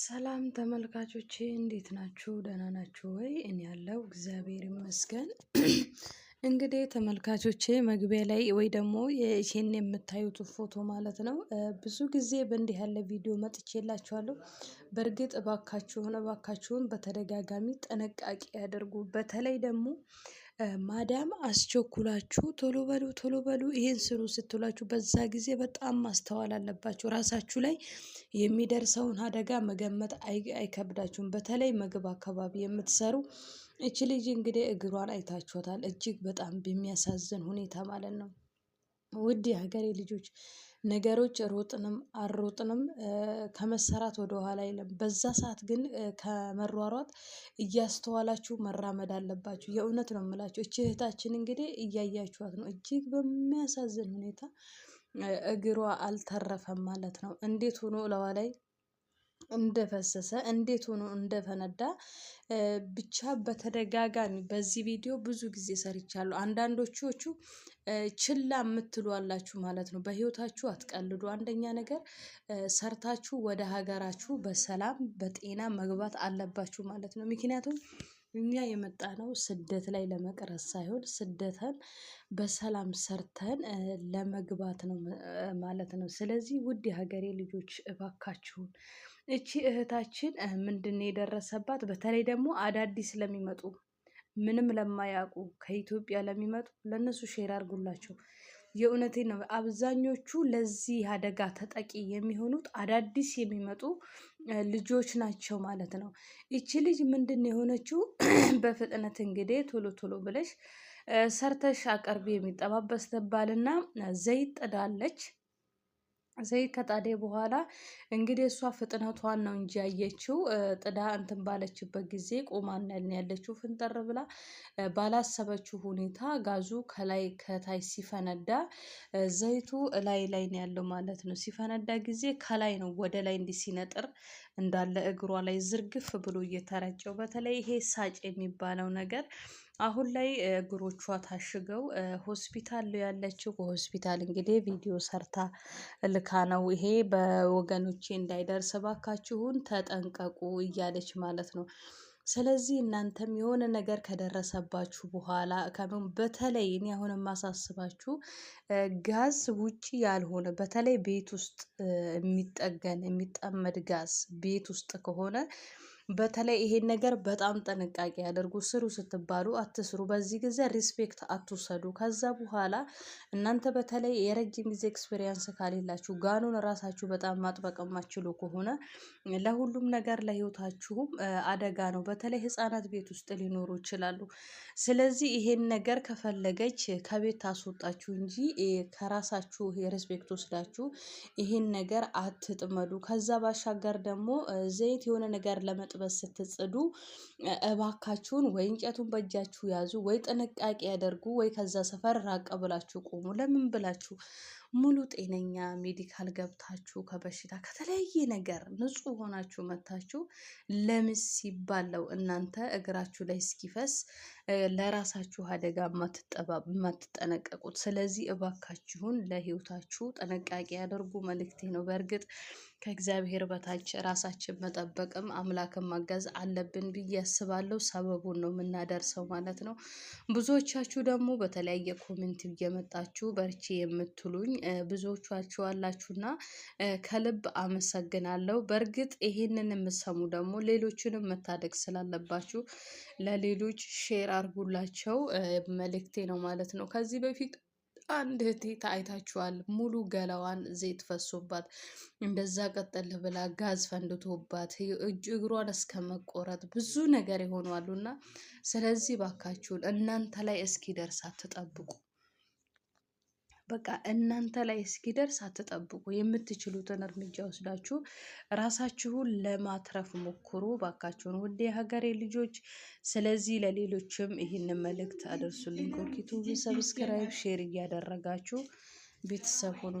ሰላም ተመልካቾቼ እንዴት ናችሁ? ደህና ናችሁ ወይ? እኔ ያለው እግዚአብሔር ይመስገን። እንግዲህ ተመልካቾቼ መግቢያ ላይ ወይ ደግሞ ይህን የምታዩት ፎቶ ማለት ነው። ብዙ ጊዜ በእንዲህ ያለ ቪዲዮ መጥቼላችኋለሁ። በእርግጥ እባካችሁን እባካችሁን በተደጋጋሚ ጥንቃቄ ያደርጉ። በተለይ ደግሞ ማዳም አስቸኩላችሁ ቶሎ በሉ ቶሎ በሉ ይህን ስሩ ስትሏችሁ በዛ ጊዜ በጣም ማስተዋል አለባችሁ። ራሳችሁ ላይ የሚደርሰውን አደጋ መገመት አይከብዳችሁም። በተለይ ምግብ አካባቢ የምትሰሩ እች ልጅ እንግዲህ እግሯን አይታችኋታል። እጅግ በጣም በሚያሳዝን ሁኔታ ማለት ነው። ውድ የሀገሬ ልጆች ነገሮች ሮጥንም አልሮጥንም ከመሰራት ወደ ኋላ የለም። በዛ ሰዓት ግን ከመሯሯጥ እያስተዋላችሁ መራመድ አለባችሁ። የእውነት ነው የምላችሁ። እቺ እህታችን እንግዲህ እያያችኋት ነው። እጅግ በሚያሳዝን ሁኔታ እግሯ አልተረፈም ማለት ነው። እንዴት ሆኖ እለዋ ላይ እንደፈሰሰ እንዴት ሆኖ እንደፈነዳ ብቻ በተደጋጋሚ በዚህ ቪዲዮ ብዙ ጊዜ ሰርቻለሁ። አንዳንዶቹ ችላ የምትሉ አላችሁ ማለት ነው። በህይወታችሁ አትቀልዱ። አንደኛ ነገር ሰርታችሁ ወደ ሀገራችሁ በሰላም በጤና መግባት አለባችሁ ማለት ነው። ምክንያቱም እኛ የመጣነው ስደት ላይ ለመቅረት ሳይሆን ስደትን በሰላም ሰርተን ለመግባት ነው ማለት ነው። ስለዚህ ውድ የሀገሬ ልጆች እባካችሁን እቺ እህታችን ምንድን የደረሰባት? በተለይ ደግሞ አዳዲስ ለሚመጡ ምንም ለማያውቁ ከኢትዮጵያ ለሚመጡ ለእነሱ ሼር አድርጉላቸው። የእውነቴ ነው። አብዛኞቹ ለዚህ አደጋ ተጠቂ የሚሆኑት አዳዲስ የሚመጡ ልጆች ናቸው ማለት ነው። ይቺ ልጅ ምንድን የሆነችው በፍጥነት እንግዲህ ቶሎ ቶሎ ብለሽ ሰርተሽ አቅርቢ የሚጠባበስ ትባልና ዘይት ጥዳለች። ዘይት ከጣዴ በኋላ እንግዲህ እሷ ፍጥነቷን ነው እንጂ ያየችው ጥዳ እንትን ባለችበት ጊዜ ቆማና ያለችው ፍንጠር ብላ ባላሰበችው ሁኔታ ጋዙ ከላይ ከታይ ሲፈነዳ ዘይቱ ላይ ላይ ነው ያለው ማለት ነው። ሲፈነዳ ጊዜ ከላይ ነው ወደ ላይ እንዲህ ሲነጥር እንዳለ እግሯ ላይ ዝርግፍ ብሎ እየተረጨው። በተለይ ይሄ ሳጭ የሚባለው ነገር አሁን ላይ እግሮቿ ታሽገው ሆስፒታል ያለችው በሆስፒታል እንግዲህ ቪዲዮ ሰርታ ልካ ነው። ይሄ በወገኖቼ እንዳይደርስ ባካችሁን ተጠንቀቁ እያለች ማለት ነው። ስለዚህ እናንተም የሆነ ነገር ከደረሰባችሁ በኋላ ከምን በተለይ እኔ አሁን የማሳስባችሁ ጋዝ ውጪ ያልሆነ በተለይ ቤት ውስጥ የሚጠገን የሚጠመድ ጋዝ ቤት ውስጥ ከሆነ በተለይ ይሄን ነገር በጣም ጥንቃቄ ያደርጉ። ስሩ ስትባሉ አትስሩ። በዚህ ጊዜ ሪስፔክት አትውሰዱ። ከዛ በኋላ እናንተ በተለይ የረጅም ጊዜ ኤክስፔሪንስ ካሌላችሁ ጋኑን ራሳችሁ በጣም ማጥበቅ የማትችሉ ከሆነ ለሁሉም ነገር ለህይወታችሁም አደጋ ነው። በተለይ ህጻናት ቤት ውስጥ ሊኖሩ ይችላሉ። ስለዚህ ይሄን ነገር ከፈለገች ከቤት ታስወጣችሁ እንጂ ከራሳችሁ የሬስፔክት ወስዳችሁ ይሄን ነገር አትጥመዱ። ከዛ ባሻገር ደግሞ ዘይት የሆነ ነገር ለመጥበ በመበጥበጥ ስትጽዱ እባካችሁን ወይ እንጨቱን በእጃችሁ ያዙ፣ ወይ ጥንቃቄ ያደርጉ፣ ወይ ከዛ ሰፈር ራቅ ብላችሁ ቆሙ። ለምን ብላችሁ ሙሉ ጤነኛ ሜዲካል ገብታችሁ ከበሽታ ከተለያየ ነገር ንጹህ ሆናችሁ መታችሁ ለምስ ሲባለው እናንተ እግራችሁ ላይ እስኪፈስ ለራሳችሁ አደጋ የማትጠነቀቁት። ስለዚህ እባካችሁን ለህይወታችሁ ጥንቃቄ ያደርጉ መልእክቴ ነው። በእርግጥ ከእግዚአብሔር በታች ራሳችን መጠበቅም አምላክን ማገዝ አለብን ብዬ አስባለሁ። ሰበቡን ነው የምናደርሰው ማለት ነው። ብዙዎቻችሁ ደግሞ በተለያየ ኮሜንት እየመጣችሁ በርቼ የምትሉኝ ብዙዎቻችሁ አላችሁና ከልብ አመሰግናለሁ። በእርግጥ ይሄንን የምሰሙ ደግሞ ሌሎችንም መታደግ ስላለባችሁ ለሌሎች ሼር አርጉላቸው መልእክቴ ነው ማለት ነው። ከዚህ በፊት አንድ እህቴ ታይታችኋል። ሙሉ ገላዋን ዘይት ፈሶባት እንደዛ ቀጠል ብላ ጋዝ ፈንድቶባት እጅ እግሯን እስከ መቆረጥ ብዙ ነገር የሆኗሉና፣ ስለዚህ ባካችሁን እናንተ ላይ እስኪደርስ አትጠብቁ። በቃ እናንተ ላይ እስኪደርስ አትጠብቁ። የምትችሉትን እርምጃ ወስዳችሁ ራሳችሁን ለማትረፍ ሞክሩ ባካችሁን፣ ውድ የሀገሬ ልጆች። ስለዚህ ለሌሎችም ይህን መልእክት አደርሱልኝ። ኮርኪቱ ሰብስክራይብ፣ ሼር እያደረጋችሁ ቤተሰብ ሁኑ።